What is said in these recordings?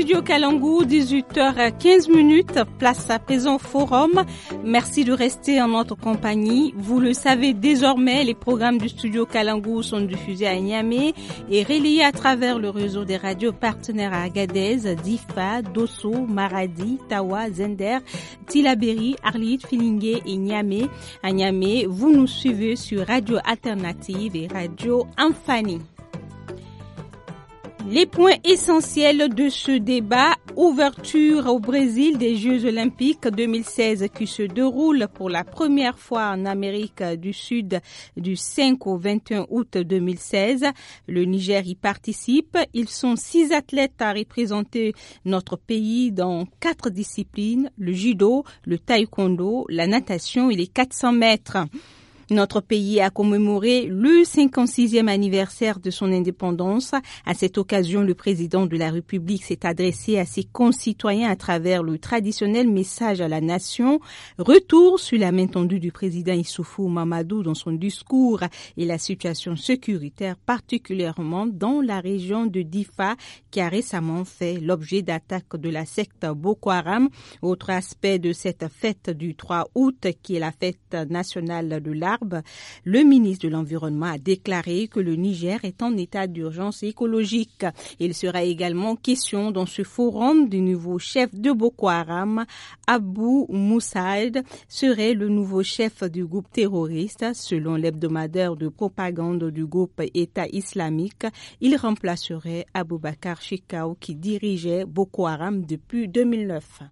studio Kalangou, 18h15 minutes, place à présent forum. Merci de rester en notre compagnie. Vous le savez désormais, les programmes du studio Kalangou sont diffusés à Niamey et relayés à travers le réseau des radios partenaires à Agadez, Difa, Dosso, Maradi, Tawa, Zender, Tilaberi, Arlit, Filingué et Niamey. À Niamey, vous nous suivez sur Radio Alternative et Radio Amphani. Les points essentiels de ce débat, ouverture au Brésil des Jeux olympiques 2016 qui se déroule pour la première fois en Amérique du Sud du 5 au 21 août 2016. Le Niger y participe. Ils sont six athlètes à représenter notre pays dans quatre disciplines, le judo, le taekwondo, la natation et les 400 mètres. Notre pays a commémoré le 56e anniversaire de son indépendance. À cette occasion, le président de la République s'est adressé à ses concitoyens à travers le traditionnel message à la nation. Retour sur la main tendue du président Issoufou Mamadou dans son discours et la situation sécuritaire particulièrement dans la région de Difa qui a récemment fait l'objet d'attaques de la secte Boko Haram. Autre aspect de cette fête du 3 août qui est la fête nationale de l'art le ministre de l'Environnement a déclaré que le Niger est en état d'urgence écologique. Il sera également question dans ce forum du nouveau chef de Boko Haram, Abou Moussaïd, serait le nouveau chef du groupe terroriste. Selon l'hebdomadaire de propagande du groupe État islamique, il remplacerait Abou Bakar Chikao qui dirigeait Boko Haram depuis 2009.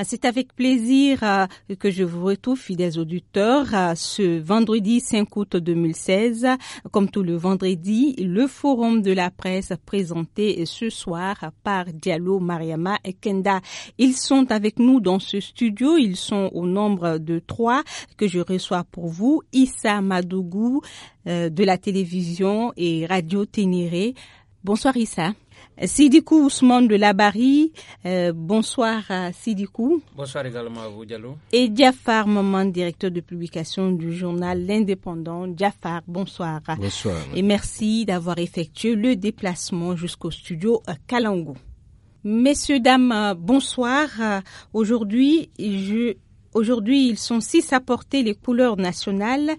Euh, c'est avec plaisir euh, que je vous retrouve, fidèles auditeurs, euh, ce vendredi 5 août 2016. Comme tout le vendredi, le forum de la presse présenté ce soir par Diallo Mariama et Kenda. Ils sont avec nous dans ce studio. Ils sont au nombre de trois que je reçois pour vous. Issa Madougou de la télévision et Radio Ténéré. Bonsoir Issa. Sidikou Ousmane de Labari, euh, bonsoir Sidikou. Bonsoir également à vous, Diallo. Et Diafar Maman, directeur de publication du journal L'Indépendant. Diafar, bonsoir. Bonsoir. Et merci d'avoir effectué le déplacement jusqu'au studio Kalangou. Messieurs, dames, bonsoir. Aujourd'hui, je Aujourd'hui, ils sont six à porter les couleurs nationales,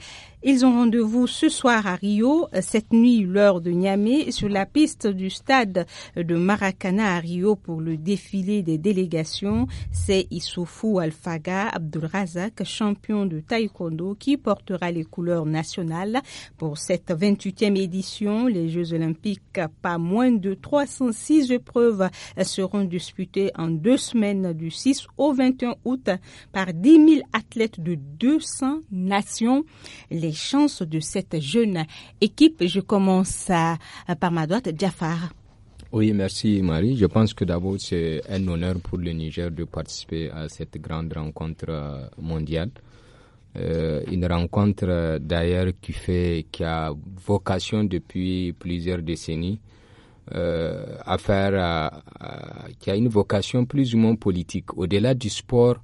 ils ont rendez-vous ce soir à Rio, cette nuit l'heure de Niamey, sur la piste du stade de Maracana à Rio pour le défilé des délégations. C'est Issoufou Alfaga Abdulrazak, champion de taekwondo, qui portera les couleurs nationales pour cette 28e édition. Les Jeux olympiques, pas moins de 306 épreuves seront disputées en deux semaines du 6 au 21 août par 10 000 athlètes de 200 nations chances de cette jeune équipe Je commence euh, par ma droite, Jafar. Oui, merci Marie. Je pense que d'abord c'est un honneur pour le Niger de participer à cette grande rencontre euh, mondiale. Euh, une rencontre d'ailleurs qui fait qui a vocation depuis plusieurs décennies à faire qui a une vocation plus ou moins politique au-delà du sport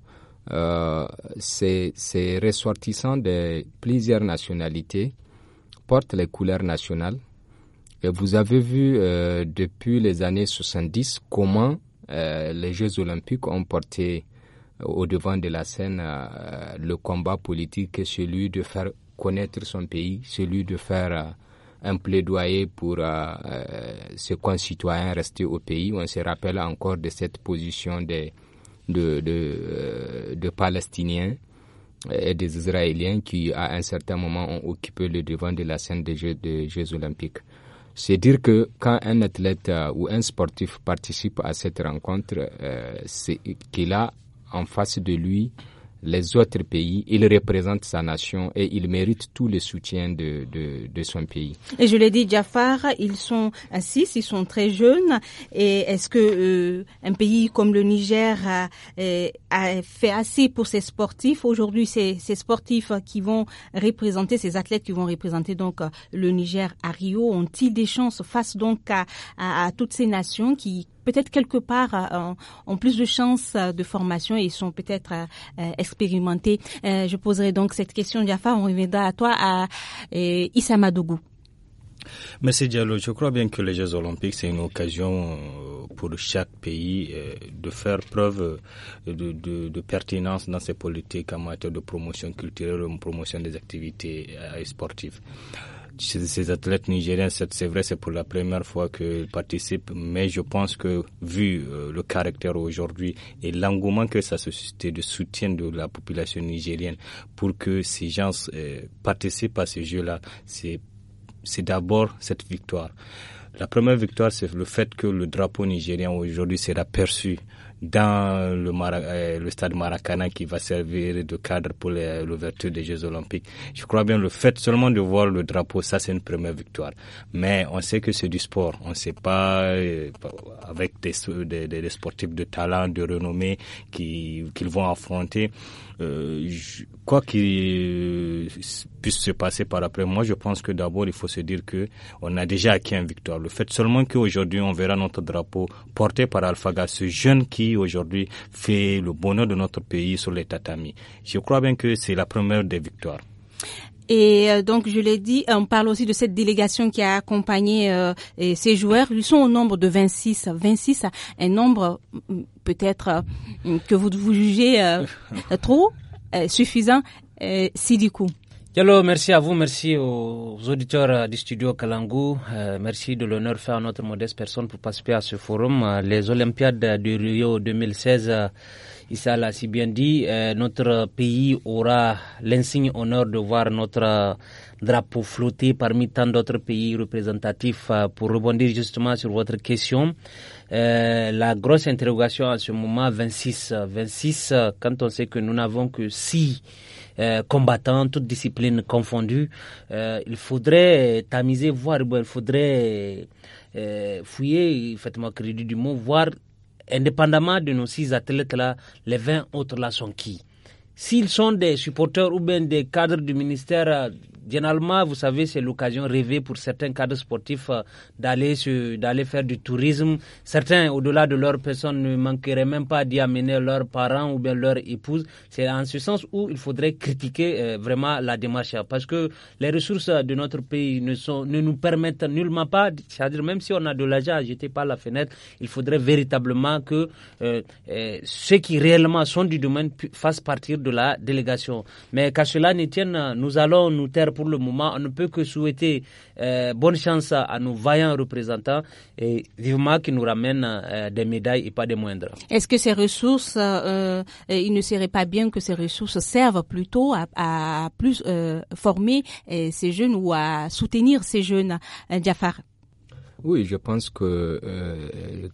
euh, ces, ces ressortissants de plusieurs nationalités portent les couleurs nationales. Et vous avez vu euh, depuis les années 70 comment euh, les Jeux olympiques ont porté au devant de la scène le combat politique, celui de faire connaître son pays, celui de faire un plaidoyer pour ses concitoyens rester au pays. On se rappelle encore de cette position des de, euh, de, Palestiniens et des Israéliens qui, à un certain moment, ont occupé le devant de la scène des Jeux, olympiques. C'est dire que quand un athlète euh, ou un sportif participe à cette rencontre, euh, c'est qu'il a en face de lui les autres pays. Il représente sa nation et il méritent tout le soutien de, son pays. Et je l'ai dit, Jafar, ils sont six, ils sont très jeunes. Et est-ce que euh, un pays comme le Niger euh, a, fait assez pour ses sportifs aujourd'hui ces, ces sportifs qui vont représenter ces athlètes qui vont représenter donc euh, le Niger à Rio ont-ils des chances face donc à, à toutes ces nations qui peut-être quelque part euh, ont plus de chances euh, de formation et sont peut-être euh, expérimentés. je poserai donc cette question, Jaffa, on reviendra à toi, à Issa Madougou. Monsieur Diallo, je crois bien que les Jeux Olympiques, c'est une occasion pour chaque pays de faire preuve de, pertinence dans ses politiques en matière de promotion culturelle, de promotion des activités sportives ces athlètes nigériens, c'est vrai, c'est pour la première fois qu'ils participent, mais je pense que vu euh, le caractère aujourd'hui et l'engouement que ça suscite de soutien de la population nigérienne pour que ces gens euh, participent à ces jeux-là, c'est d'abord cette victoire. La première victoire, c'est le fait que le drapeau nigérien aujourd'hui sera perçu dans euh, le, stade Maracana qui va servir de cadre pour euh, l'ouverture des Jeux Olympiques. Je crois bien le fait seulement de voir le drapeau, ça c'est une première victoire. Mais on sait que c'est du sport, on ne sait pas euh, avec des, des, des, sportifs de talent, de renommée qu'ils vont affronter. Euh, quoi qu'il euh, puisse se passer par après, moi je pense que d'abord il faut se dire que on a déjà acquis une victoire. Le fait seulement qu'aujourd'hui on verra notre drapeau porté par Alphaga, ce jeune qui aujourd'hui fait le bonheur de notre pays sur les tatamis. Je crois bien que c'est la première des victoires. Et euh, donc, je l'ai dit, on parle aussi de cette délégation qui a accompagné ces euh, joueurs. Ils sont au nombre de 26. 26, un nombre mm, peut-être euh, que vous, vous jugez trop suffisant, si du coup. Hello, merci à vous, merci aux auditeurs du studio Kalangou. merci de l'honneur fait à notre modeste personne pour participer à ce forum. Les Olympiades de Rio 2016 Issa l'a si bien dit, euh, notre pays aura l'insigne honneur de voir notre euh, drapeau flotter parmi tant d'autres pays représentatifs. Euh, pour rebondir justement sur votre question, la grosse interrogation à ce moment, 26, 26, quand on sait que nous n'avons que six combattants, toutes disciplines confondues, il faudrait tamiser, voir, il faudrait fouiller, faites-moi crédit du mot, voir indépendamment de nos six athlètes-là, les 20 autres-là sont qui S'ils sont des supporters ou bien des cadres du ministère Généralement, vous savez, c'est l'occasion rêvée pour certains cadres sportifs euh, d'aller d'aller faire du tourisme. Certains, au-delà de leur personne, ne manqueraient même pas d'y amener leurs parents ou bien leur épouse. C'est en ce sens où il faudrait critiquer euh, vraiment la démarche parce que les ressources de notre pays ne, sont, ne nous permettent nullement pas, c'est-à-dire même si on a de l'argent à jeter par la fenêtre, il faudrait véritablement que euh, ceux qui réellement sont du domaine fassent partir de la délégation. Mais qu'à cela ne tienne, nous allons nous taire pour le moment, on ne peut que souhaiter euh, bonne chance à nos vaillants représentants et vivement qu'ils nous ramènent euh, des médailles et pas des moindres. Est-ce que ces ressources, euh, il ne serait pas bien que ces ressources servent plutôt à, plus former ces jeunes ou à soutenir ces jeunes, Jafar Oui, je pense que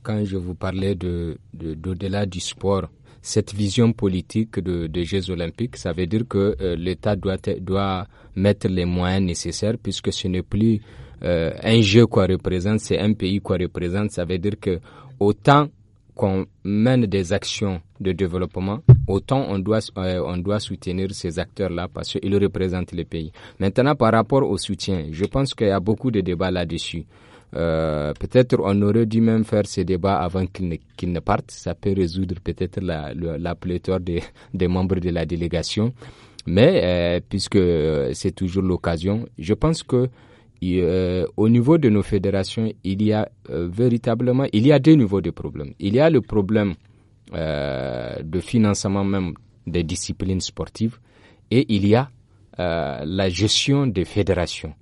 quand je vous parlais de, d'au-delà du sport, cette vision politique de, des Jeux olympiques. Ça veut dire que euh, l'État doit, doit mettre les moyens nécessaires puisque ce n'est plus euh, un jeu qu'on représente, c'est un pays qu'on représente. Ça veut dire que autant qu'on mène des actions de développement, autant on doit, euh, on doit soutenir ces acteurs-là parce qu'ils représentent les pays. Maintenant, par rapport au soutien, je pense qu'il y a beaucoup de débats là-dessus. Euh, peut-être on aurait dû même faire ce débat avant qu'il ne, parte. Ça peut résoudre peut-être la, pléthore des, membres de la délégation. Mais euh, puisque euh, c'est toujours l'occasion, je pense que au niveau de nos fédérations, il y a véritablement, il y a deux niveaux de problèmes. Il y a le problème de financement même des disciplines sportives et il y a la gestion des fédérations.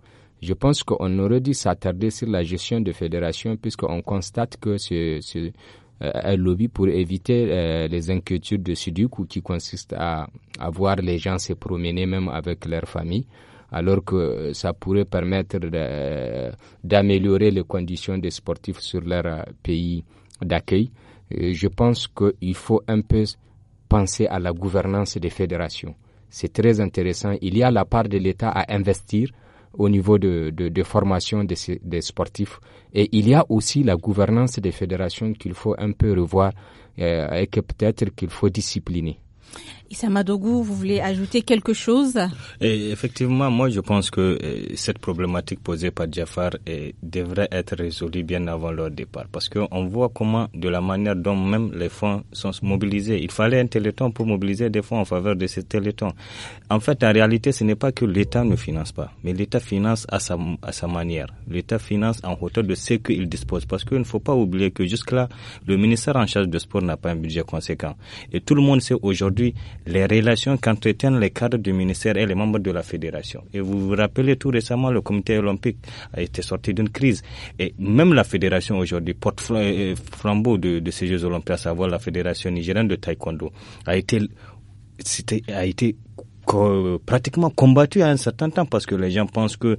Je pense qu'on aurait dû s'attarder sur la gestion de fédération puisqu'on constate que c'est euh, un lobby pour éviter euh, les inquiétudes de ou qui consiste à, à voir les gens se promener même avec leur famille alors que euh, ça pourrait permettre d'améliorer les conditions des sportifs sur leur pays d'accueil. Je pense qu'il faut un peu penser à la gouvernance des fédérations. C'est très intéressant. Il y a la part de l'État à investir au niveau de, de, formation des, sportifs. Et il y a aussi la gouvernance des fédérations qu'il faut un peu revoir euh, et que peut-être qu'il faut discipliner. Issa Madogou, vous voulez ajouter quelque chose Et Effectivement, moi je pense que euh, cette problématique posée par Jafar euh, devrait être résolue bien avant leur départ. Parce qu'on voit comment, de la manière dont même les fonds sont mobilisés. Il fallait un téléthon pour mobiliser des fonds en faveur de ces téléthon. En fait, en réalité, ce n'est pas que l'État ne finance pas, mais l'État finance à sa, à sa manière. L'État finance en hauteur de ce qu'il dispose. Parce qu'il ne faut pas oublier que jusque-là, le ministère en charge de sport n'a pas un budget conséquent. Et tout le monde sait aujourd'hui les relations qu'entretiennent les cadres du ministère et les membres de la fédération. Et vous vous rappelez tout récemment, le comité olympique a été sorti d'une crise. Et même la fédération aujourd'hui porte euh, flambeau de, ces Jeux olympiques, à savoir la fédération nigérienne de taekwondo, a été, a été pratiquement combattue à un certain temps parce que les gens pensent que euh,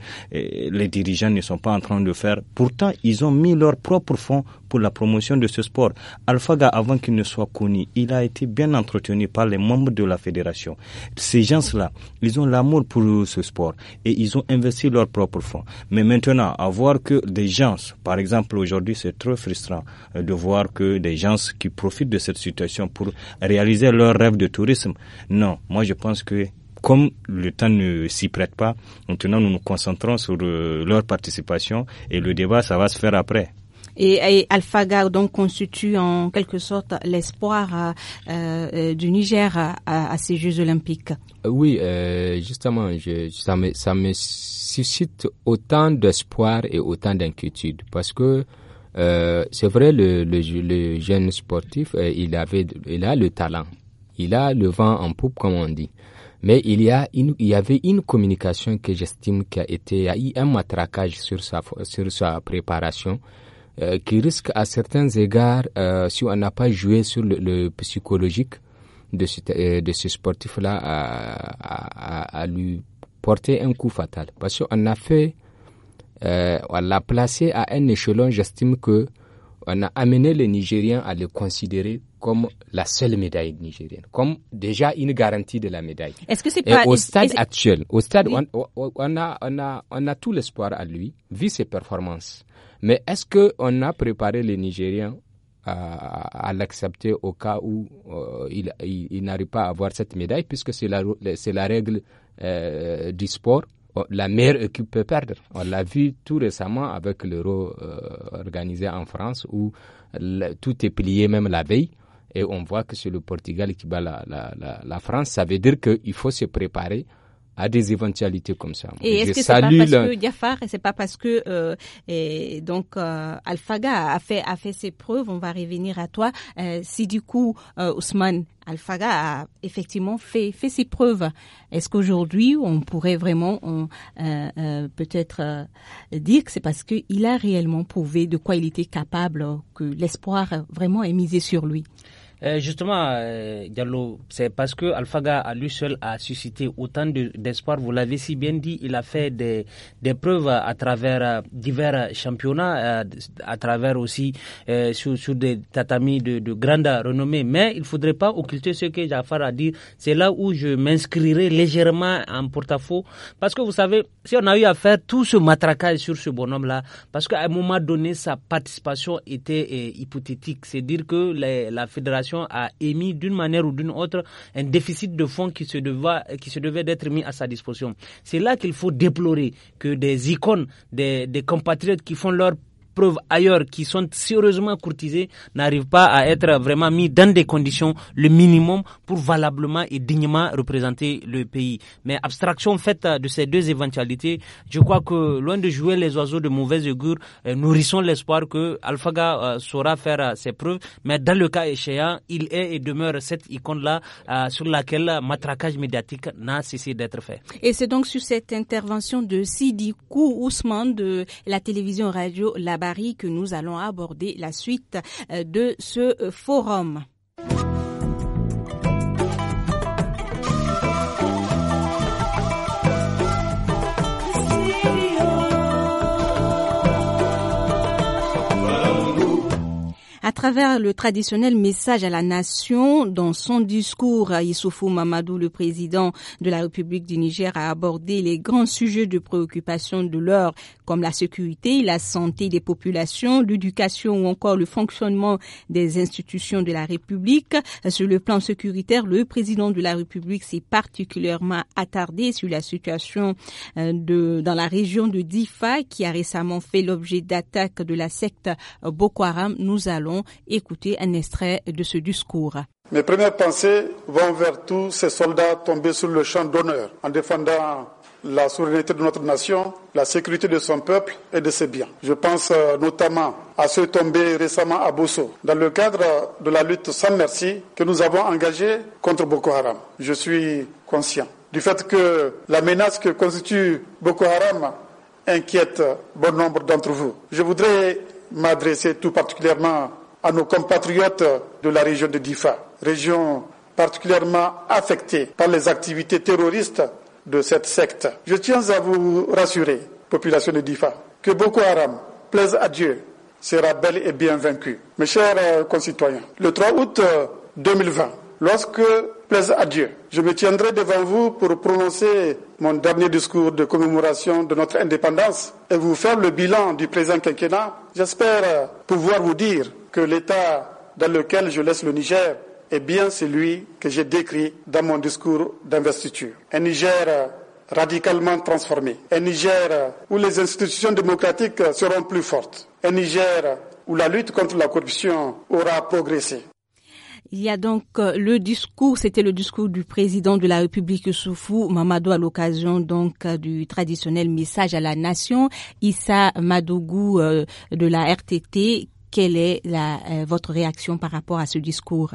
les dirigeants ne sont pas en train de faire. Pourtant, ils ont mis leurs propres fonds pour la promotion de ce sport. Alphaga, avant qu'il ne soit connu, il a été bien entretenu par les membres de la fédération. Ces gens-là, ils ont l'amour pour ce sport et ils ont investi leurs propres fonds. Mais maintenant, à voir que des gens, par exemple aujourd'hui, c'est très frustrant euh, de voir que des gens qui profitent de cette situation pour réaliser leur rêve de tourisme. Non, moi je pense que comme le temps ne s'y prête pas, maintenant nous nous concentrons sur euh, leur participation et le débat, ça va se faire après. Et, et donc constitue en quelque sorte l'espoir euh, euh, du Niger à, ces Jeux olympiques. Euh, oui, justement, je, ça, me, ça me suscite autant d'espoir et autant d'inquiétude parce que c'est vrai le, le, jeune sportif il avait il a le talent, il a le vent en poupe comme on dit. Mais il y, a il y avait une communication que j'estime qui a été, eu un matraquage sur sa, sur sa préparation euh, qui risque à certains égards, euh, si on n'a pas joué sur le, psychologique de ce, euh, de sportif-là, à, lui porter un coup fatal. Parce qu'on a fait, on l'a placé à un échelon, j'estime que on a amené les Nigériens à le considérer comme la seule médaille nigérienne, comme déjà une garantie de la médaille. Est-ce que c'est pas Et au stade actuel, au stade, on, on, a, on a tout l'espoir à lui, vu ses performances. Mais est-ce qu'on a préparé les Nigériens à, l'accepter au cas où euh, ils n'arrivent n'arrive pas à avoir cette médaille, puisque c'est la, règle euh, du sport oh, la meilleure équipe peut perdre. On l'a vu tout récemment avec l'euro euh, organisé en France où tout est plié même la veille. Et on voit que c'est le Portugal qui bat la France. Ça veut dire qu'il faut se préparer à des éventualités comme ça. Et est-ce que c'est pas parce que Diafar, c'est pas parce que euh, et donc euh, Alfaga a fait a fait ses preuves. On va revenir à toi. Euh, si du coup euh, Ousmane Alfaga a effectivement fait fait ses preuves, est-ce qu'aujourd'hui on pourrait vraiment peut-être dire que c'est parce qu'il a réellement prouvé de quoi il était capable que l'espoir vraiment est misé sur lui? Euh, justement, euh, Diallo, c'est parce que Alphaga à lui seul a suscité autant d'espoir. vous l'avez si bien dit, il a fait des, des preuves à travers euh, divers championnats, à travers aussi sur, des tatamis de, grande renommée. Mais il ne faudrait pas occulter ce que Jafar a dit. C'est là où je m'inscrirai légèrement en porte-à-faux. Parce que vous savez, si on a eu à faire tout ce matraquage sur ce bonhomme-là, parce qu'à un moment donné, sa participation était hypothétique. cest dire que la fédération a émis d'une manière ou d'une autre un déficit de fonds qui se, qui se devait d'être mis à sa disposition. C'est là qu'il faut déplorer que des icônes, des compatriotes qui font leur preuves ailleurs qui sont sérieusement courtisées n'arrivent pas à être vraiment mis dans des conditions le minimum pour valablement et dignement représenter le pays. Mais abstraction faite de ces deux éventualités, je crois que loin de jouer les oiseaux de mauvaise augure, euh, nourrissons l'espoir que AlphaGa euh, saura faire euh, ses preuves. Mais dans le cas échéant, il est et demeure cette icône-là sur laquelle matraquage médiatique n'a cessé d'être fait. Et c'est donc sur cette intervention de Sidi Kou Ousmane de la télévision radio La que nous allons aborder la suite euh, de ce forum. À travers le traditionnel message à la nation, dans son discours, Issoufou Mamadou, le président de la République du Niger, a abordé les grands sujets de préoccupation de l'heure, comme la sécurité, la santé des populations, l'éducation ou encore le fonctionnement des institutions de la République. Sur le plan sécuritaire, le président de la République s'est particulièrement attardé sur la situation euh, de, dans la région de Difa, qui a récemment fait l'objet d'attaques de la secte Boko Haram. Nous allons écouter un extrait de ce discours. Mes premières pensées vont vers tous ces soldats tombés sur le champ d'honneur en défendant la souveraineté de notre nation, la sécurité de son peuple et de ses biens. Je pense euh, notamment à ceux tombés récemment à Bosso, dans le cadre de la lutte sans merci que nous avons engagée contre Boko Haram. Je suis conscient du fait que la menace que constitue Boko Haram inquiète bon nombre d'entre vous. Je voudrais m'adresser tout particulièrement à nos compatriotes de la région de Difa, région particulièrement affectée par les activités terroristes de cette secte. Je tiens à vous rassurer, population de Difa, que Boko Haram, plaise à Dieu, sera bel et bien vaincu. Mes chers euh, concitoyens, le 3 août 2020, euh, lorsque, plaise à Dieu, je me tiendrai devant vous pour prononcer mon dernier discours de commémoration de notre indépendance et vous faire le bilan du présent quinquennat, j'espère euh, pouvoir vous dire que l'État dans lequel je laisse le Niger est bien celui que j'ai décrit dans mon discours d'investiture. Un Niger radicalement transformé, un Niger où les institutions démocratiques seront plus fortes, un Niger où la lutte contre la corruption aura progressé. Il y a donc euh, le discours, c'était le discours du président de la République Soufou Mamadou à l'occasion donc euh, du traditionnel message à la nation. Issa Madougou euh, de la RTT quelle est la, euh, votre réaction par rapport à ce discours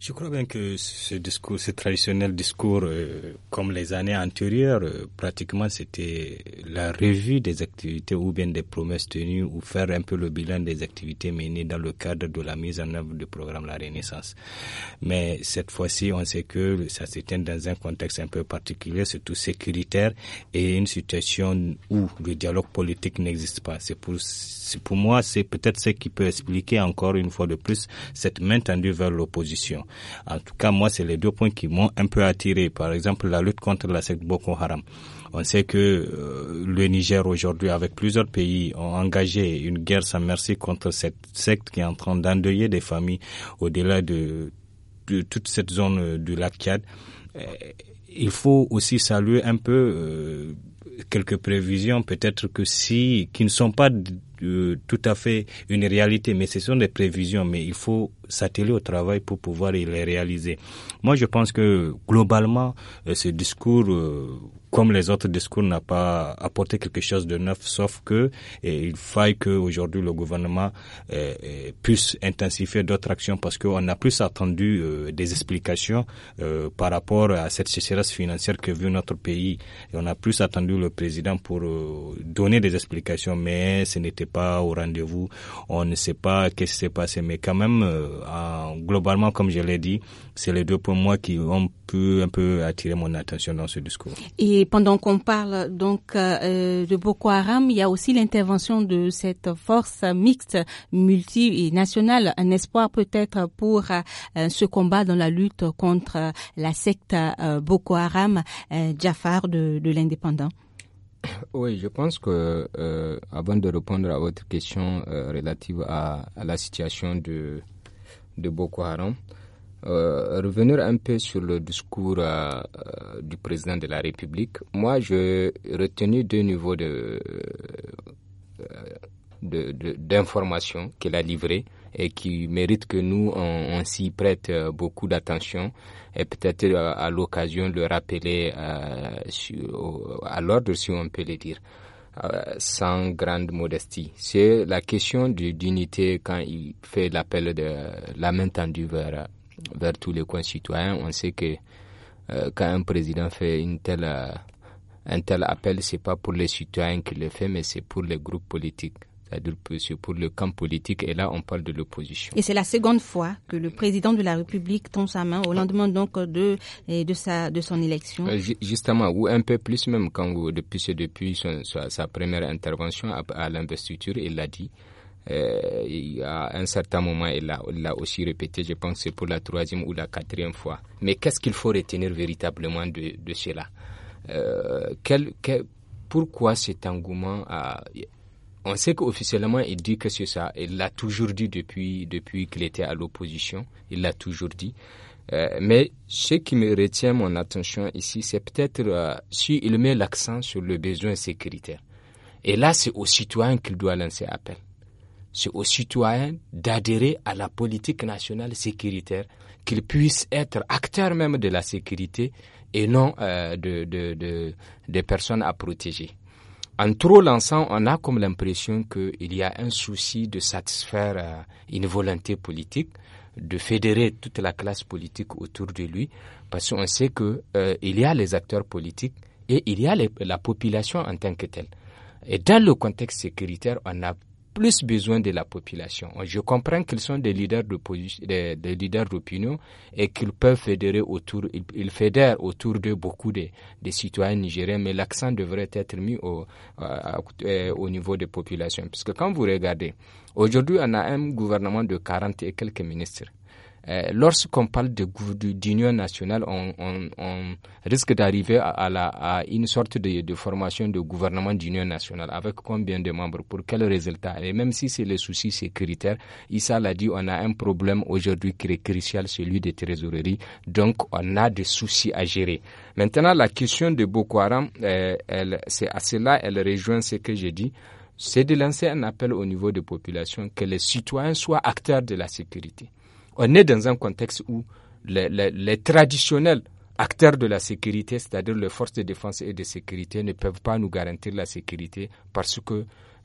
je crois bien que ce discours, ce traditionnel discours, euh, comme les années antérieures, euh, pratiquement c'était la revue des activités ou bien des promesses tenues ou faire un peu le bilan des activités menées dans le cadre de la mise en œuvre du programme La Renaissance. Mais cette fois-ci, on sait que ça s'éteint dans un contexte un peu particulier, surtout sécuritaire et une situation où le dialogue politique n'existe pas. C'est pour, pour moi, c'est peut-être ce qui peut expliquer encore une fois de plus cette main tendue vers l'opposition. En tout cas, moi, c'est les deux points qui m'ont un peu attiré. Par exemple, la lutte contre la secte Boko Haram. On sait que euh, le Niger aujourd'hui, avec plusieurs pays, ont engagé une guerre sans merci contre cette secte qui est en train d'endeuiller des familles au-delà de, toute cette zone euh, du lac Tchad. Euh, il faut aussi saluer un peu quelques prévisions, peut-être que si, qui ne sont pas euh, tout à fait une réalité, mais ce sont des prévisions, mais il faut s'atteler au travail pour pouvoir les réaliser. Moi, je pense que globalement, euh, ce discours euh, comme les autres discours, n'a pas apporté quelque chose de neuf, sauf que eh, il faille aujourd'hui le gouvernement eh, eh, puisse intensifier d'autres actions parce qu'on a plus attendu euh, des explications euh, par rapport à cette sécheresse financière que vit notre pays. Et on a plus attendu le président pour euh, donner des explications, mais ce n'était pas au rendez-vous. On ne sait pas qu'est-ce qui s'est passé, mais quand même, euh, globalement, comme je l'ai dit, c'est les deux points moi qui ont peut un peu attirer mon attention dans ce discours. Et pendant qu'on parle donc euh, de Boko Haram, il y a aussi l'intervention de cette force mixte multinationale, un espoir peut-être pour euh, ce combat dans la lutte contre euh, la secte Boko Haram, Jafar de, l'indépendant. Oui, je pense que avant de répondre à votre question relative à, à, la situation de, de Boko Haram, euh, revenir un peu sur le discours euh, du président de la République, moi, j'ai retenu deux niveaux de, euh, d'informations qu'il a livrées et qui méritent que nous, on, s'y prête beaucoup d'attention et peut-être à l'occasion le rappeler à, l'ordre, si on peut le dire. sans grande modestie. C'est la question de d'unité quand il fait l'appel de la main tendue vers vers tous les citoyens, On sait que euh, quand un président fait une telle, euh, un tel appel, c'est pas pour les citoyens qu'il le fait, mais c'est pour les groupes politiques. C'est-à-dire pour le camp politique, et là, on parle de l'opposition. Et c'est la seconde fois que le président de la République tend sa main au lendemain donc de, de, sa, de son élection. Euh, justement, ou un peu plus même, quand depuis, depuis sa, première intervention à, à l'investiture, il l'a dit à euh, un certain moment, il l'a aussi répété, je pense que c'est pour la troisième ou la quatrième fois. Mais qu'est-ce qu'il faut retenir véritablement de, cela euh, quel, Pourquoi cet engouement on sait qu'officiellement, il dit que c'est ça. Il l'a toujours dit depuis, depuis qu'il était à l'opposition. Il l'a toujours dit. Euh, mais ce qui me retient mon attention ici, c'est peut-être s'il met l'accent sur le besoin sécuritaire. Et là, c'est aux citoyens qu'il doit lancer appel c'est aux citoyens d'adhérer à la politique nationale sécuritaire, qu'ils puissent être acteurs même de la sécurité et non des euh, de, de, de, personnes à protéger. En trop lançant, on a comme l'impression qu'il y a un souci de satisfaire euh, une volonté politique, de fédérer toute la classe politique autour de lui, parce qu'on sait qu'il euh, il y a les acteurs politiques et il y a la population en tant que telle. Et dans le contexte sécuritaire, on a plus besoin de la population. Je comprends qu'ils sont des leaders d'opinion des, leaders et qu'ils peuvent fédérer autour, ils, fédèrent autour de beaucoup de, citoyens nigériens, mais l'accent devrait être mis au, euh, euh, au niveau des populations. Puisque quand vous regardez, aujourd'hui, on a un gouvernement de 40 et quelques ministres. Euh, lorsqu'on parle d'union nationale, on, risque d'arriver à, une sorte de, formation de gouvernement d'union nationale avec combien de membres, pour quel résultat. Et même si c'est le souci sécuritaire, Issa l'a dit, on a un problème aujourd'hui qui est crucial, celui des trésoreries. Donc, on a des soucis à gérer. Maintenant, la question de Boko Haram, euh, elle, c'est à cela, elle rejoint ce que j'ai dit c'est de lancer un appel au niveau de population, que les citoyens soient acteurs de la sécurité on est dans un contexte où les, traditionnels acteurs de la sécurité, c'est-à-dire les forces de défense et de sécurité, ne peuvent pas nous garantir la sécurité parce que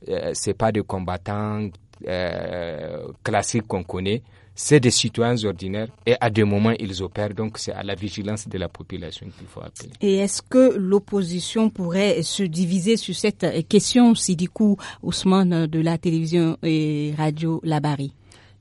euh, c'est ce n'est pas des combattants euh, classiques qu'on connaît, c'est des citoyens ordinaires et à des moments ils opèrent, donc c'est à la vigilance de la population qu'il faut appeler. Et est-ce que l'opposition pourrait se diviser sur cette question, du coup Ousmane de la télévision et radio Labari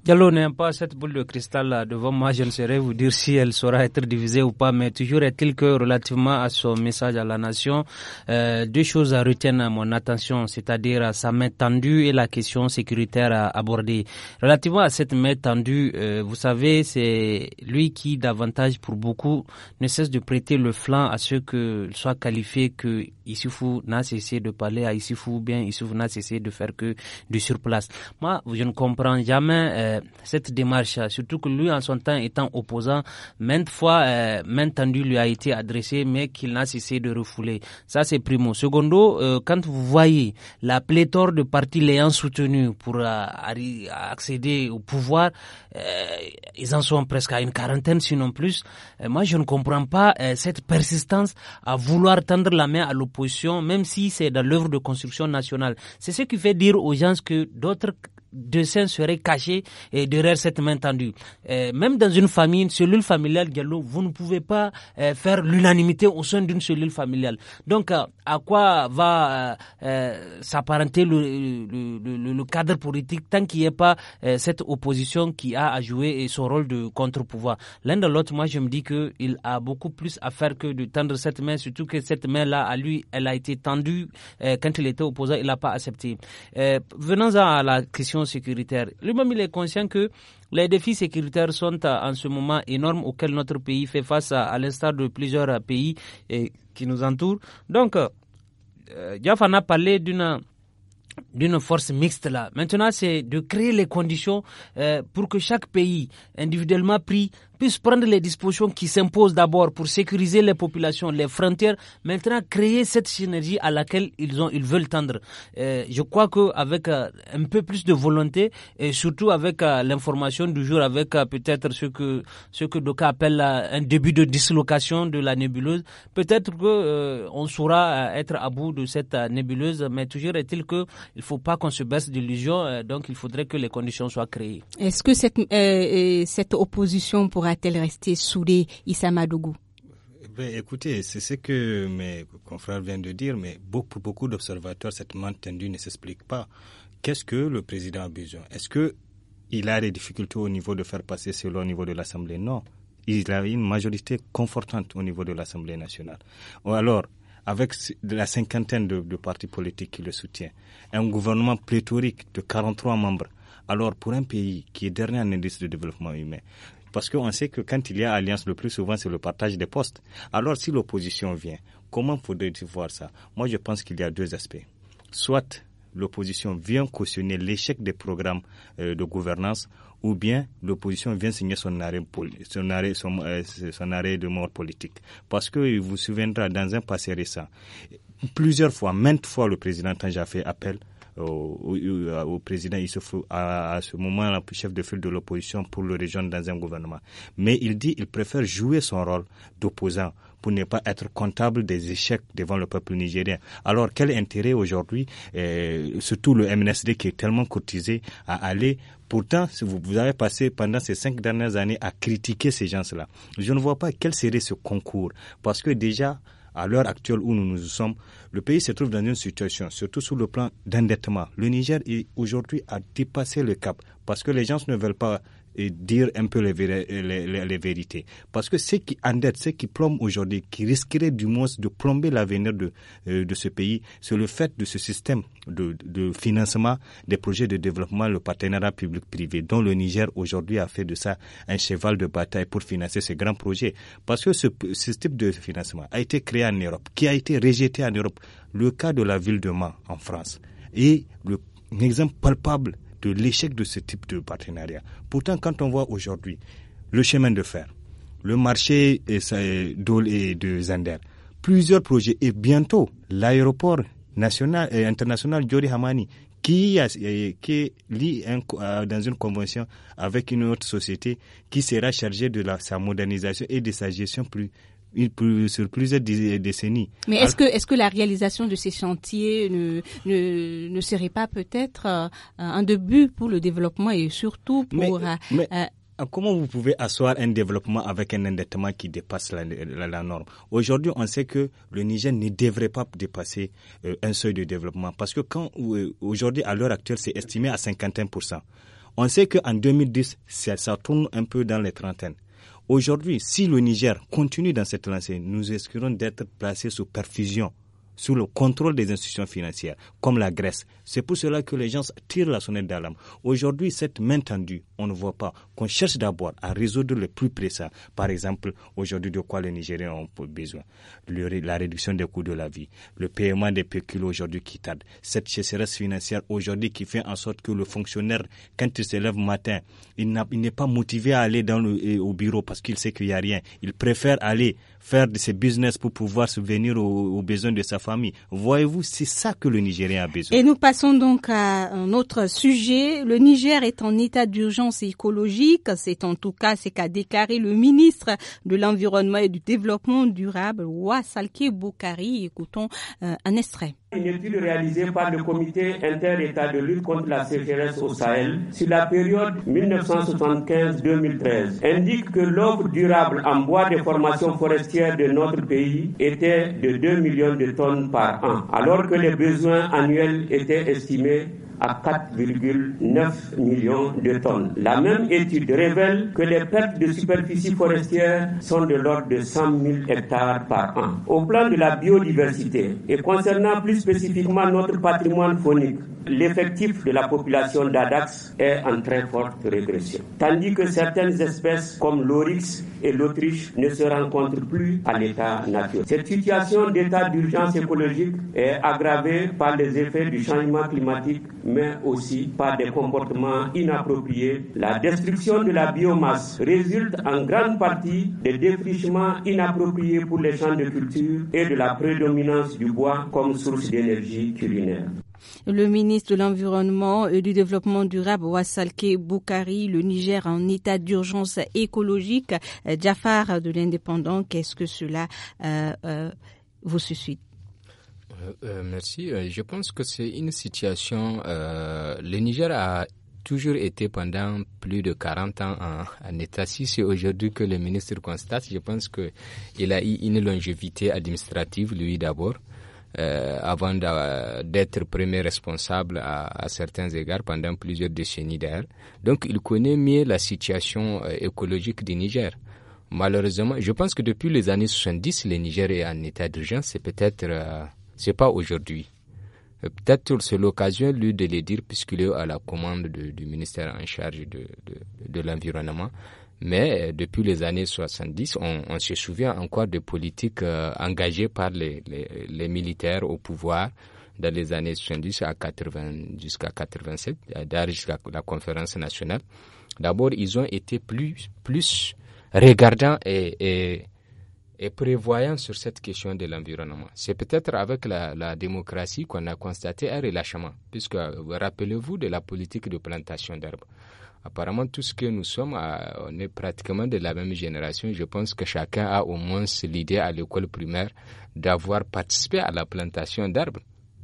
Diallo n'aime pas cette boule de cristal là devant moi. Je ne saurais vous dire si elle saura être divisée ou pas, mais toujours est-il que relativement à son message à la nation, euh, deux choses retiennent à mon attention, c'est-à-dire sa main tendue et la question sécuritaire abordée. Relativement à cette main tendue, euh, vous savez, c'est lui qui davantage pour beaucoup ne cesse de prêter le flanc à ceux que soit qualifié que Issoufou n'a cessé de parler à Issoufou, bien Issoufou n'a cessé de faire que du surplace. Moi, je ne comprends jamais. Euh, euh, cette démarche, surtout que lui, en son temps étant opposant, maintes fois, euh, maintes lui a été adressée, mais qu'il n'a cessé de refouler. Ça, c'est primo. Secondo, euh, quand vous voyez la pléthore de partis l'ayant soutenu pour euh, accéder au pouvoir, ils en sont presque à une quarantaine, sinon plus. moi, je ne comprends pas cette persistance à vouloir tendre la main à l'opposition, même si c'est dans l'œuvre de construction nationale. C'est ce qui fait dire aux gens que d'autres sein serait caché et derrière cette main tendue. Euh, même dans une famille, une cellule familiale, Gallo, vous ne pouvez pas euh, faire l'unanimité au sein d'une cellule familiale. Donc, euh, à quoi va s'apparenter le, le, le, cadre politique tant qu'il n'y ait pas cette opposition qui a à jouer son rôle de contre-pouvoir L'un de l'autre, moi, je me dis qu'il a beaucoup plus à faire que de tendre cette main, surtout que cette main-là, à lui, elle a été tendue quand il était opposant, il n'a pas accepté. venons en à la question sécuritaire Lui-même, il est conscient que les défis sécuritaires sont euh, en ce moment énormes auxquels notre pays fait face, euh, à, l'instar de plusieurs euh, pays qui nous entourent. Donc, euh, Diafana a parlé d'une force mixte là. Maintenant, c'est de créer les conditions pour que chaque pays, individuellement pris, puissent prendre les dispositions qui s'imposent d'abord pour sécuriser les populations, les frontières, maintenant créer cette synergie à laquelle ils, ont, ils veulent tendre. Euh, je crois qu'avec avec euh, un peu plus de volonté, et surtout avec euh, l'information du jour, avec peut-être ce que, ce que Doka appelle un début de dislocation de la nébuleuse, peut-être qu'on saura être à bout de cette nébuleuse, mais toujours est-il qu'il ne faut pas qu'on se baisse d'illusions, donc il faudrait que les conditions soient créées. Est-ce que cette, cette opposition pourra va-t-elle rester soudée, Issa Madougou ben, écoutez, c'est ce que mes confrères viennent de dire, mais pour beaucoup, beaucoup d'observateurs, cette main tendue ne s'explique pas. Qu'est-ce que le président a besoin Est-ce qu'il a des difficultés au niveau de faire passer cela au niveau de l'Assemblée Non. Il a une majorité confortante au niveau de l'Assemblée nationale. Ou alors, avec la cinquantaine de, de partis politiques qui le soutiennent, un gouvernement pléthorique de 43 membres, alors, pour un pays qui est dernier en indice de développement humain, parce qu'on sait que quand il y a alliance, le plus souvent, c'est le partage des postes. Alors, si l'opposition vient, comment faudrait-il voir ça Moi, je pense qu'il y a deux aspects. Soit l'opposition vient cautionner l'échec des programmes euh, de gouvernance, ou bien l'opposition vient signer son arrêt, euh, son arrêt, de mort politique. Parce que, vous souviendra, dans un passé récent, plusieurs fois, maintes fois, le président Tanja fait appel au, au président Issoufou, à, à, ce moment-là, chef de file de l'opposition, pour le rejoindre dans un gouvernement. Mais il dit qu'il préfère jouer son rôle d'opposant pour ne pas être comptable des échecs devant le peuple nigérien. Alors quel intérêt aujourd'hui, eh, surtout le MNSD qui est tellement cotisé à aller Pourtant, vous avez passé pendant ces cinq dernières années à critiquer ces gens-là. Je ne vois pas quel serait ce concours. Parce que déjà, à l'heure actuelle où nous nous sommes, le pays se trouve dans une situation, surtout sur le plan d'endettement. Le Niger aujourd'hui a dépassé le cap parce que les gens ne veulent pas et dire un peu euh, les, les, vérités. Parce que ceux qui endettent, ceux qui plombent aujourd'hui, qui risqueraient du moins de plomber l'avenir de, euh, ce pays, c'est le fait de ce système de, financement des projets de développement, le partenariat public-privé, dont le Niger aujourd'hui a fait de ça un cheval de bataille pour financer ces grands projets. Parce que ce, ce type de financement a été créé en Europe, qui a été rejeté en Europe. Le cas de la ville de Mans en France est exemple palpable de l'échec de ce type de partenariat. Pourtant, quand on voit aujourd'hui le chemin de fer, le marché d'Ol et de Zander, plusieurs projets et bientôt l'aéroport national et international Jori Hamani qui, est lié euh, dans une convention avec une autre société qui sera chargée de sa modernisation et de sa gestion plus sur plusieurs décennies. Mais est-ce que, est que la réalisation de ces chantiers ne, ne, serait pas peut-être euh, un début pour le développement et surtout pour... Euh, euh, comment vous pouvez asseoir un développement avec un endettement qui dépasse la, norme Aujourd'hui, on sait que le Niger ne devrait pas dépasser un seuil de développement parce que quand aujourd'hui, à l'heure actuelle, c'est estimé à 51%. On sait qu'en 2010, ça tourne un peu dans les trentaines. Aujourd'hui, si le Niger continue dans cette lancée, nous risquerons d'être placés sous perfusion sous le contrôle des institutions financières, comme la Grèce. C'est pour cela que les gens tirent la sonnette d'alarme. Aujourd'hui, cette main tendue, on ne voit pas, qu'on cherche d'abord à résoudre le plus pressant. Par exemple, aujourd'hui, de quoi les Nigériens ont besoin La réduction des coûts de la vie, le paiement des pécules aujourd'hui qui tarde, cette chasseresse financière aujourd'hui qui fait en sorte que le fonctionnaire, quand il se lève matin, il n'est pas motivé à aller dans au bureau parce qu'il sait qu'il n'y a rien. Il préfère aller faire de ses business pour pouvoir subvenir aux, besoins de sa famille. Voyez-vous, c'est ça que le Nigérian a besoin. Et nous passons donc à un autre sujet. Le Niger est en état d'urgence écologique. C'est en tout cas ce qu'a déclaré le ministre de l'Environnement et du Développement durable, Ouassalke Bokari. Écoutons euh, un extrait. Une étude réalisée par le comité inter-État de lutte contre la sécheresse au Sahel sur la période 1975-2013 indique que l'offre durable en bois de formation forestière de notre pays était de 2 millions de tonnes par an, alors que les besoins annuels étaient estimés à 4,9 millions de tonnes. La même étude révèle que les pertes de superficie forestière sont de l'ordre de 100 000 hectares par an. Au plan de la biodiversité et concernant plus spécifiquement notre patrimoine phonique, l'effectif de la population d'Adax est en très forte régression. Tandis que certaines espèces comme l'orix et l'autriche ne se rencontrent plus à l'état naturel. Cette situation d'état d'urgence écologique est aggravée par les effets du changement climatique, mais aussi par des comportements inappropriés. La destruction de la biomasse résulte en grande partie des défrichements inappropriés pour les champs de culture et de la prédominance du bois comme source d'énergie culinaire. Le ministre de l'Environnement et du Développement durable, Wassalke Boukari, le Niger en état d'urgence écologique, euh, Jafar de l'Indépendant, qu'est-ce que cela euh, euh, vous suscite euh, euh, merci. Euh, je pense que c'est une situation. le Niger a toujours été pendant plus de 40 ans en, état. Si c'est aujourd'hui que le ministre constate, je pense qu'il a eu une longévité administrative, lui d'abord. avant d'être premier responsable à, certains égards pendant plusieurs décennies d'ailleurs. Donc il connaît mieux la situation écologique du Niger. Malheureusement, je pense que depuis les années 70, le Niger est en état d'urgence. C'est peut-être c'est pas aujourd'hui. Euh, peut-être c'est l'occasion, lui, de les dire, puisqu'il est à la commande du ministère en charge de, de, l'environnement. Mais euh, depuis les années 70, on, se souvient encore de politiques euh, engagées par les, les, militaires au pouvoir dans les années 70 à 80 jusqu'à 87, jusqu'à la conférence nationale. D'abord, ils ont été plus, plus regardants et et prévoyant sur cette question de l'environnement. C'est peut-être avec la, démocratie qu'on a constaté un relâchement, puisque euh, rappelez-vous de la politique de plantation d'arbres. Apparemment, tout ce que nous sommes, euh, on est pratiquement de la même génération. Je pense que chacun a au moins l'idée à l'école primaire d'avoir participé à la plantation d'arbres.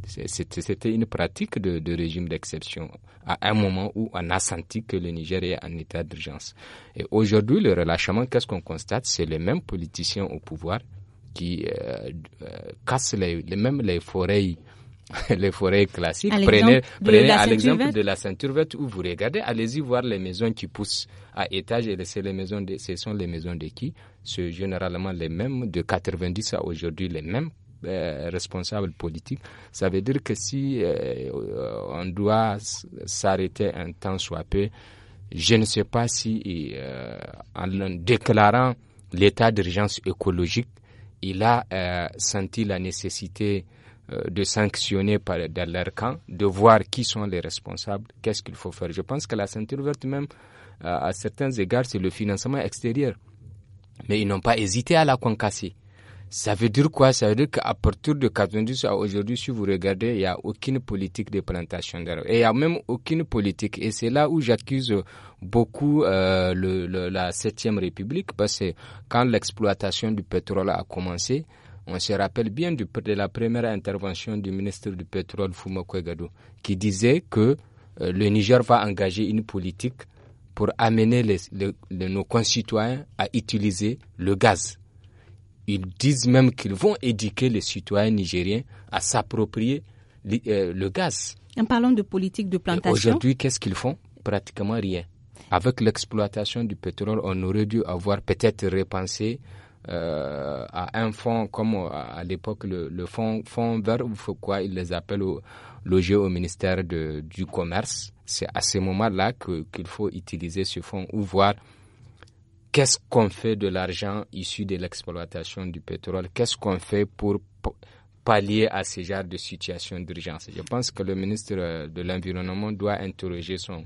C'était une pratique de, régime d'exception à un moment où on a senti que le Niger est en état d'urgence. Et aujourd'hui, le relâchement, qu'est-ce qu'on constate C'est les mêmes politiciens au pouvoir qui euh, euh, cassent les, mêmes les forêts les forêts classiques. Prenez, à l'exemple de la ceinture verte où vous regardez, allez-y voir les maisons qui poussent à étage et les maisons de, ce sont les maisons de qui? C'est généralement les mêmes de 90 à aujourd'hui les mêmes euh, responsable politique, ça veut dire que si euh, on doit s'arrêter un temps soit peu, je ne sais pas si euh, en déclarant l'état d'urgence écologique, il a senti la nécessité de sanctionner par, dans leur camp, de voir qui sont les responsables, qu'est-ce qu'il faut faire. Je pense que la ceinture verte, même à certains égards, c'est le financement extérieur. Mais ils n'ont pas hésité à la concasser. Ça veut dire quoi Ça veut dire qu'à partir de 90 à aujourd'hui, si vous regardez, il n'y a aucune politique de plantation d'arbres. Et il n'y a même aucune politique. Et c'est là où j'accuse beaucoup euh, la Septième République, parce que quand l'exploitation du pétrole a commencé, on se rappelle bien du, de la première intervention du ministre du pétrole, Fuma qui disait que euh, le Niger va engager une politique pour amener nos concitoyens à utiliser le gaz. Ils disent même qu'ils vont éduquer les citoyens nigériens à s'approprier euh, le, gaz. En parlant de politique de plantation. Aujourd'hui, qu'est-ce qu'ils font Pratiquement rien. Avec l'exploitation du pétrole, on aurait dû avoir peut-être repensé euh, à un fonds comme euh, à, l'époque le, le, fonds, vert, ou quoi ils les appellent logés au ministère du Commerce. C'est à ce moment-là qu'il faut utiliser ce fonds ou voir qu'est-ce qu'on fait de l'argent issu de l'exploitation du pétrole Qu'est-ce qu'on fait pour pallier à ce genre de situation d'urgence Je pense que le ministre euh, de l'Environnement doit interroger son,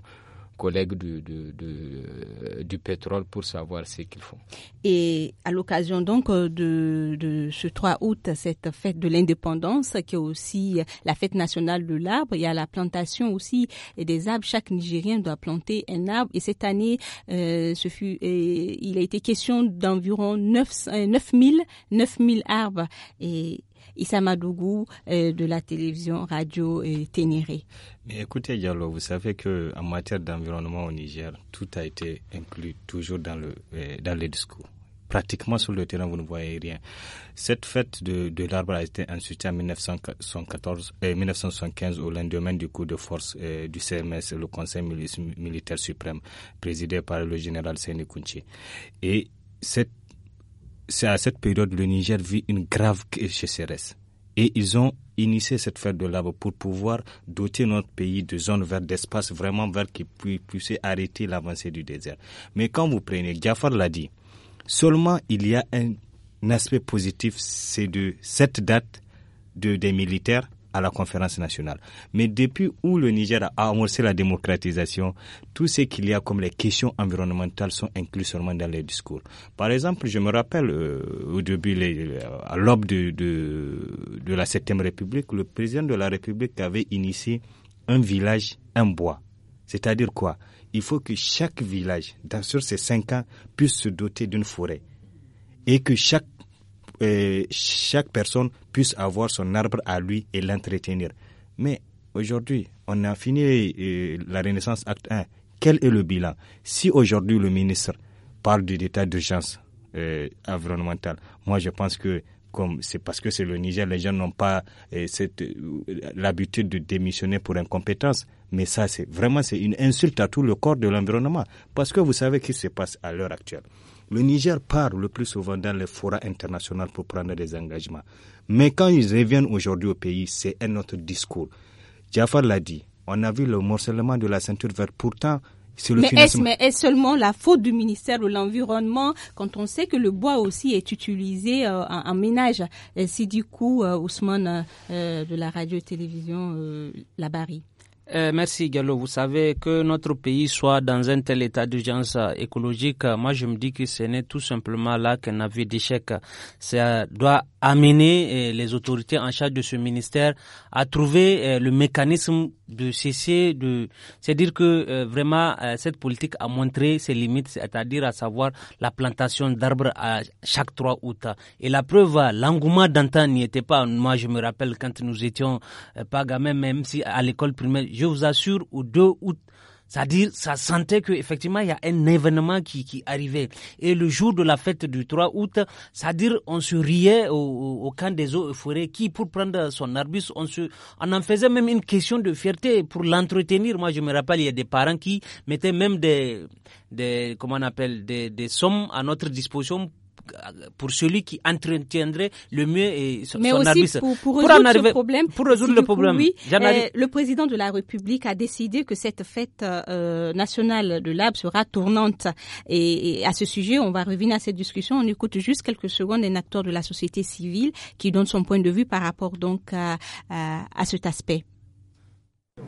collègues du, euh, du, pétrole pour savoir ce qu'ils font. Et à l'occasion donc euh, de, ce 3 août, cette fête de l'indépendance, qui est aussi euh, la fête nationale de l'arbre, il y a la plantation aussi des arbres. Chaque Nigérien doit planter un arbre. Et cette année, ce fut, il a été question d'environ 9000 9 000 arbres. Et Issa Madougou euh, de la télévision radio et euh, Ténéré. Mais écoutez Diallo, vous savez que en matière d'environnement au Niger, tout a été inclus toujours dans le euh, dans les discours. Pratiquement sur le terrain, vous ne voyez rien. Cette fête de, de l'arbre a été instituée en 1914, 1975 au lendemain du coup de force du CMS, le Conseil militaire suprême, présidé par le général Séné Kounchi. Et cette c'est à cette période que le Niger vit une grave sécheresse. Et ils ont initié cette fête de l'arbre pour pouvoir doter notre pays de zones vertes, d'espace vraiment verts qui puissent arrêter l'avancée du désert. Mais quand vous prenez, Giafar l'a dit, seulement il y a un aspect positif, c'est de cette date de, des militaires à la conférence nationale. Mais depuis où le Niger a amorcé la démocratisation, tout ce qu'il y a comme les questions environnementales sont inclus seulement dans les discours. Par exemple, je me rappelle euh, au début, euh, à l'aube de, de, de la Septième République, le président de la République avait initié un village, un bois. C'est-à-dire quoi Il faut que chaque village, dans, sur ces cinq ans, puisse se doter d'une forêt et que chaque euh, chaque personne puisse avoir son arbre à lui et l'entretenir. Mais aujourd'hui, on a fini euh, la Renaissance Acte 1. Quel est le bilan Si aujourd'hui le ministre parle d'état l'état d'urgence euh, environnemental, environnementale, moi je pense que comme c'est parce que c'est le Niger, les gens n'ont pas cette l'habitude de démissionner pour incompétence. Mais ça, c'est vraiment c'est une insulte à tout le corps de l'environnement, parce que vous savez ce qui se passe à l'heure actuelle. Le Niger part le plus souvent dans les forats internationaux pour prendre des engagements. Mais quand ils reviennent aujourd'hui au pays, c'est un autre discours. Jafar l'a dit, on a vu le morcellement de la ceinture verte. Pourtant, le mais est-ce seulement la faute du ministère de l'Environnement quand on sait que le bois aussi est utilisé euh, en, ménage Si du coup, Ousmane euh, de la radio-télévision euh, La Barrie. Euh, merci Gallo. Vous savez que notre pays soit dans un tel état d'urgence écologique, moi je me dis que ce n'est tout simplement là qu'un avis d'échec. Ça doit amener euh, les autorités en charge de ce ministère à trouver euh, le mécanisme de cesser de... C'est-à-dire que vraiment cette politique a montré ses limites, c'est-à-dire à savoir la plantation d'arbres à chaque 3 août. Et la preuve, l'engouement d'antan n'y était pas. Moi je me rappelle quand nous étions pas gamins, même si à l'école primaire, je vous assure, au 2 août, c'est-à-dire, ça sentait qu'effectivement, il y a un événement qui, qui arrivait. Et le jour de la fête du 3 août, c'est-à-dire, on se riait au, camp des eaux forêts qui, pour prendre son arbuste, on, se, on en faisait même une question de fierté pour l'entretenir. Moi, je me rappelle, il y a des parents qui mettaient même des, des comment on appelle, des, des sommes à notre disposition pour celui qui entretiendrait le mieux et son, Mais Pour, résoudre le problème, oui, euh, le président de la République a décidé que cette fête euh, nationale de Lab sera tournante. Et, à ce sujet, on va revenir à cette discussion. On écoute juste quelques secondes un acteur de la société civile qui donne son point de vue par rapport donc à cet aspect.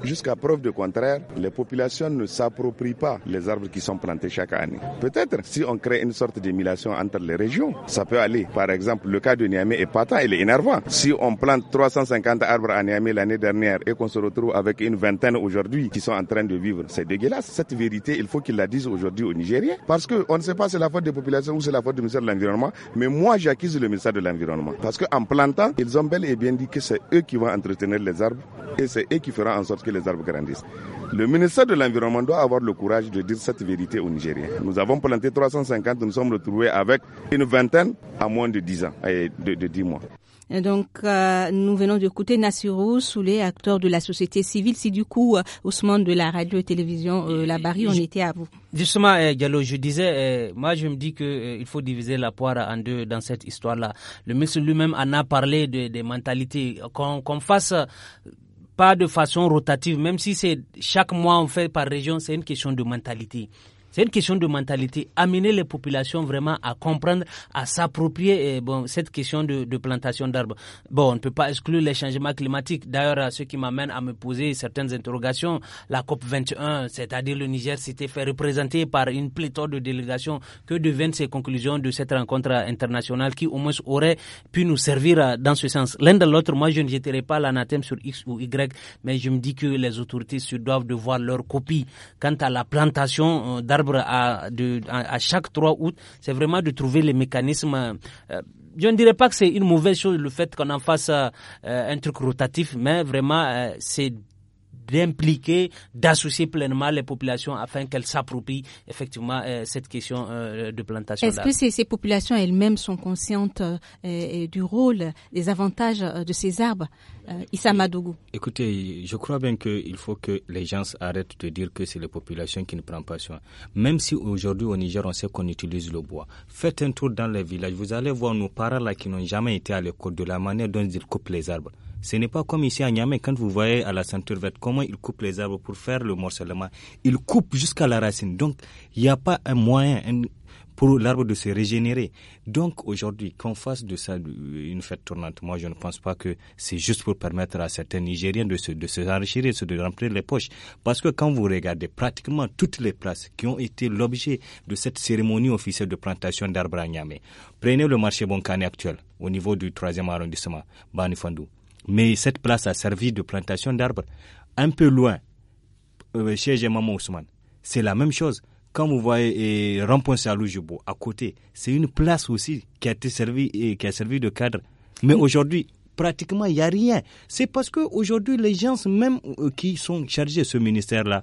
Jusqu'à preuve de contraire, les populations ne s'approprient pas les arbres qui sont plantés chaque année. Peut-être si on crée une sorte d'émulation entre les régions, ça peut aller. Par exemple, le cas de Niamey est patent, il est énervant. Si on plante 350 arbres à Niamey l'année dernière et qu'on se retrouve avec une vingtaine aujourd'hui qui sont en train de vivre, c'est dégueulasse. Cette vérité, il faut qu'ils la disent aujourd'hui aux Nigériens. Parce qu'on ne sait pas si c'est la faute des populations ou c'est la faute du ministère de l'Environnement. Mais moi, j'accuse le ministère de l'Environnement. Parce qu'en plantant, ils ont bel et bien dit que c'est eux qui vont entretenir les arbres et c'est eux qui fera en sorte que les arbres grandissent. Le ministère de l'Environnement doit avoir le courage de dire cette vérité aux Nigériens. Nous avons planté 350, nous sommes retrouvés avec une vingtaine à moins de 10 ans, de, de 10 mois. donc, euh, nous venons d'écouter Nassirou les acteurs de la société civile. Si du coup, euh, Ousmane de la radio-télévision euh, La Barry, on était à vous. Justement, eh, Diallo, je disais, eh, moi je me dis qu'il eh, faut diviser la poire en deux dans cette histoire-là. Le monsieur lui-même en a parlé des mentalités. Qu'on fasse pas de façon rotative, même si c'est chaque mois on fait par région, c'est une question de mentalité. C'est une question de mentalité. Amener les populations vraiment à comprendre, à s'approprier eh, bon, cette question de, de plantation d'arbres. Bon, on ne peut pas exclure les changements climatiques. D'ailleurs, ce qui m'amène à me poser certaines interrogations, la COP 21, c'est-à-dire le Niger s'était fait représenter par une pléthore de délégations. Que deviennent ces conclusions de cette rencontre internationale qui au moins aurait pu nous servir euh, dans ce sens L'un de l'autre, moi je ne jeterai pas l'anathème sur X ou Y, mais je me dis que les autorités se doivent de voir leur copie. Quant à la plantation euh, d'arbres, à, à, chaque 3 août, c'est vraiment de trouver les mécanismes. Euh, je ne dirais pas que c'est une mauvaise chose le fait qu'on en fasse euh, un truc rotatif, mais vraiment, euh, c'est d'impliquer, d'associer pleinement les populations afin qu'elles s'approprient effectivement euh, cette question euh, de plantation. Est-ce que ces, populations elles-mêmes sont conscientes euh, du rôle, des avantages de ces arbres Issa Madougou. Écoutez, je crois bien qu'il faut que les gens arrêtent de dire que c'est les populations qui ne prennent pas soin. Même si aujourd'hui au Niger, on sait qu'on utilise le bois. Faites un tour dans les villages, vous allez voir nos parents là qui n'ont jamais été à l'école de la manière dont ils coupent les arbres. Ce n'est pas comme ici à Niamey, quand vous voyez à la ceinture verte comment ils coupent les arbres pour faire le morcellement. Ils coupent jusqu'à la racine. Donc, il n'y a pas un moyen pour l'arbre de se régénérer. Donc, aujourd'hui, qu'on fasse de ça une fête tournante, moi, je ne pense pas que c'est juste pour permettre à certains Nigériens de se, de enrichir, de, remplir les poches. Parce que quand vous regardez pratiquement toutes les places qui ont été l'objet de cette cérémonie officielle de plantation d'arbres à Niamey, prenez le marché Bonkane actuel, au niveau du troisième arrondissement, Banifandou. Mais cette place a servi de plantation d'arbres. Un peu loin, euh, chez Jemama Ousmane, c'est la même chose. Quand vous voyez Rampon à côté, c'est une place aussi qui a été servie et qui a servi de cadre. Mais aujourd'hui, pratiquement, il n'y a rien. C'est parce qu'aujourd'hui, les gens même euh, qui sont chargés de ce ministère-là,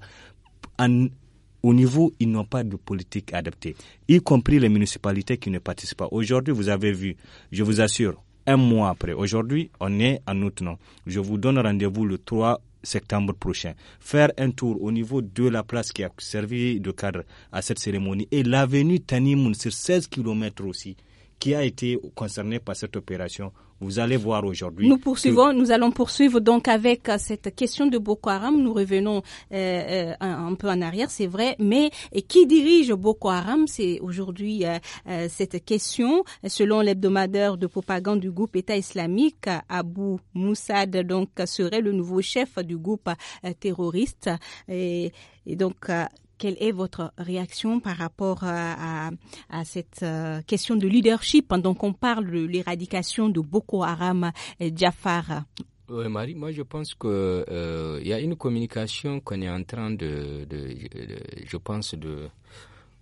au niveau, ils n'ont pas de politique adaptée, y compris les municipalités qui ne participent pas. Aujourd'hui, vous avez vu, je vous assure, un mois après. Aujourd'hui, on est en août, Je vous donne rendez-vous le 3 septembre prochain. Faire un tour au niveau de la place qui a servi de cadre à cette cérémonie et l'avenue Tanimoun sur 16 km aussi qui a été concerné par cette opération. Vous allez voir aujourd'hui. Nous poursuivons, nous allons poursuivre donc avec euh, cette question de Boko Haram. Nous revenons euh, euh, un, peu en arrière, c'est vrai, mais qui dirige Boko Haram C'est aujourd'hui cette question. Selon l'hebdomadaire de propagande du groupe État islamique, Abu Moussad donc serait le nouveau chef du groupe terroriste. et donc quelle est votre réaction par rapport euh, à, cette euh, question de leadership pendant qu'on parle de l'éradication de Boko Haram et euh, Jafar oui, Marie, moi je pense qu'il y a une communication qu'on est en train de, je pense de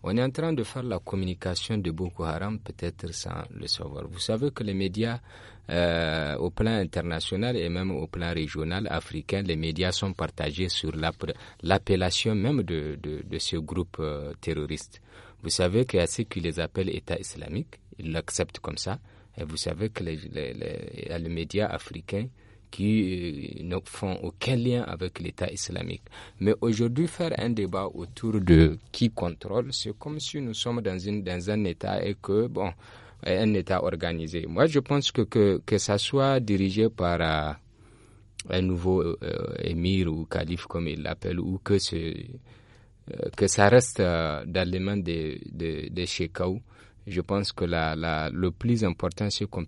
on est en train de faire la communication de Boko Haram peut-être sans le savoir. Vous savez que les médias, euh, au plan international et même au plan régional africain, les médias sont partagés sur l'appellation même de, ce groupe euh, terroriste. Vous savez qu'il y a ceux qui les appellent État islamique, ils l'acceptent comme ça. Et vous savez que les médias africains qui euh, ne font aucun lien avec l'État islamique. Mais aujourd'hui, faire un débat autour de qui contrôle, c'est comme si nous sommes dans, une, dans un État et que, bon, un État organisé. Moi, je pense que que, ça soit dirigé par euh, un nouveau euh, émir ou calife, comme il l'appelle, ou que, que ça reste dans les mains des de, je pense que le plus important, c'est euh, qu'on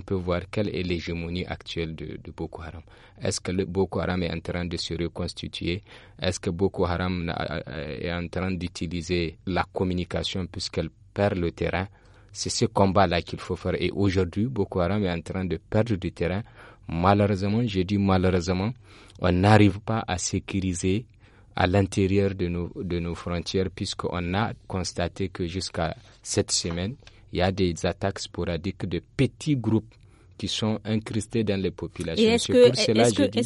peut, voir quelle est l'hégémonie actuelle de, Boko Haram. Est-ce que le Boko Haram est en train de se reconstituer Est-ce que Boko Haram euh, euh, est en train d'utiliser la communication puisqu'elle perd le terrain C'est ce combat-là qu'il faut faire. Et aujourd'hui, Boko Haram est en train de perdre du terrain. Malheureusement, je dis malheureusement, on n'arrive pas à sécuriser à l'intérieur de nos, de nos frontières, puisqu'on a constaté que jusqu'à cette semaine, il y a des attaques sporadiques de petits groupes qui sont incrustés dans les populations. Est-ce est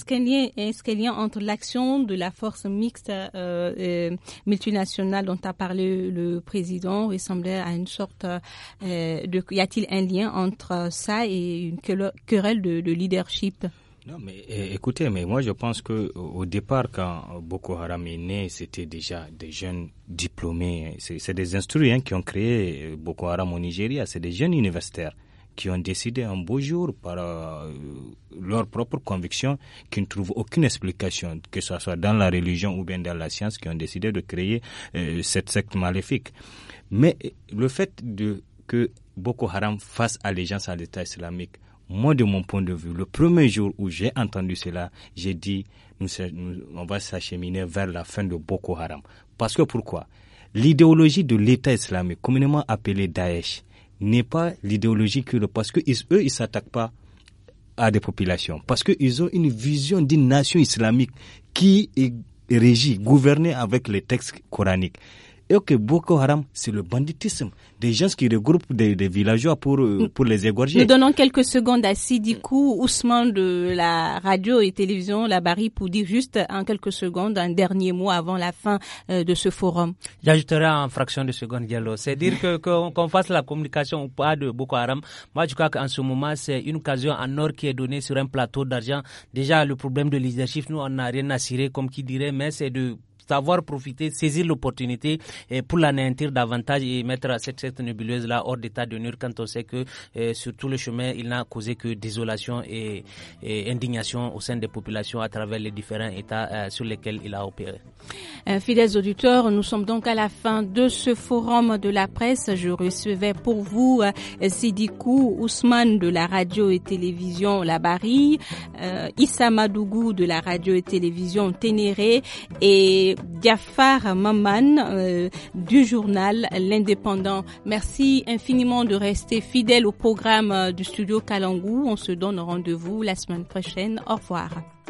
qu'il y, est qu y, a entre l'action de la force mixte euh, euh, multinationale dont a parlé le président ressemblait à une sorte euh, de... Y a-t-il un lien entre ça et une querelle de, de leadership non, mais eh, écoutez, mais moi je pense que au départ, quand Boko Haram est né, c'était déjà des jeunes diplômés. Hein. C'est des instruits hein, qui ont créé euh, Boko Haram au Nigeria. C'est des jeunes universitaires qui ont décidé un beau jour par euh, leur propre conviction, qu'ils ne trouvent aucune explication, que ce soit dans la religion ou bien dans la science, qui ont décidé de créer euh, cette secte maléfique. Mais le fait que Boko Haram fasse allégeance à l'État islamique, moi de mon point de vue, le premier jour où j'ai entendu cela, j'ai dit, on va s'acheminer vers la fin de Boko Haram. Parce que pourquoi L'idéologie de l'État islamique, communément appelée Daesh, n'est pas l'idéologie que le... Parce que ils, eux, ils s'attaquent pas à des populations. Parce qu'ils ont une vision d'une nation islamique qui est régie, gouvernée avec les textes coraniques que Boko Haram, c'est le banditisme. Des gens qui regroupent des, villageois pour, euh, pour les égorger. Nous donnons quelques secondes à Sidikou Ousmane de la radio et télévision La Barry pour dire juste en quelques secondes un dernier mot avant la fin euh, de ce forum. J'ajouterai en fraction de seconde, Diallo. C'est dire qu'on fasse la communication ou pas de Boko Haram. Moi, je crois qu'en ce moment, c'est une occasion en or qui est donnée sur un plateau d'argent. Déjà, le problème de leadership, nous, on n'a rien à cirer, comme qui dirait, mais c'est de savoir profiter, saisir l'opportunité eh, pour l'anéantir davantage et mettre cette, cette nébuleuse-là hors d'état de nuire quand on sait que eh, sur tout le chemin, il n'a causé que désolation et, indignation au sein des populations à travers les différents États eh, sur lesquels il a opéré. Euh, fidèles auditeurs, nous sommes donc à la fin de ce forum de la presse. Je recevais pour vous Sidi euh, Sidikou Ousmane de la radio et télévision La Barille, euh, Issa Madougou de la radio et télévision Ténéré et Maman euh, du journal L'Indépendant. Merci infiniment de rester fidèle au programme euh, du studio Kalangou. On se donne rendez-vous la semaine prochaine. Au revoir.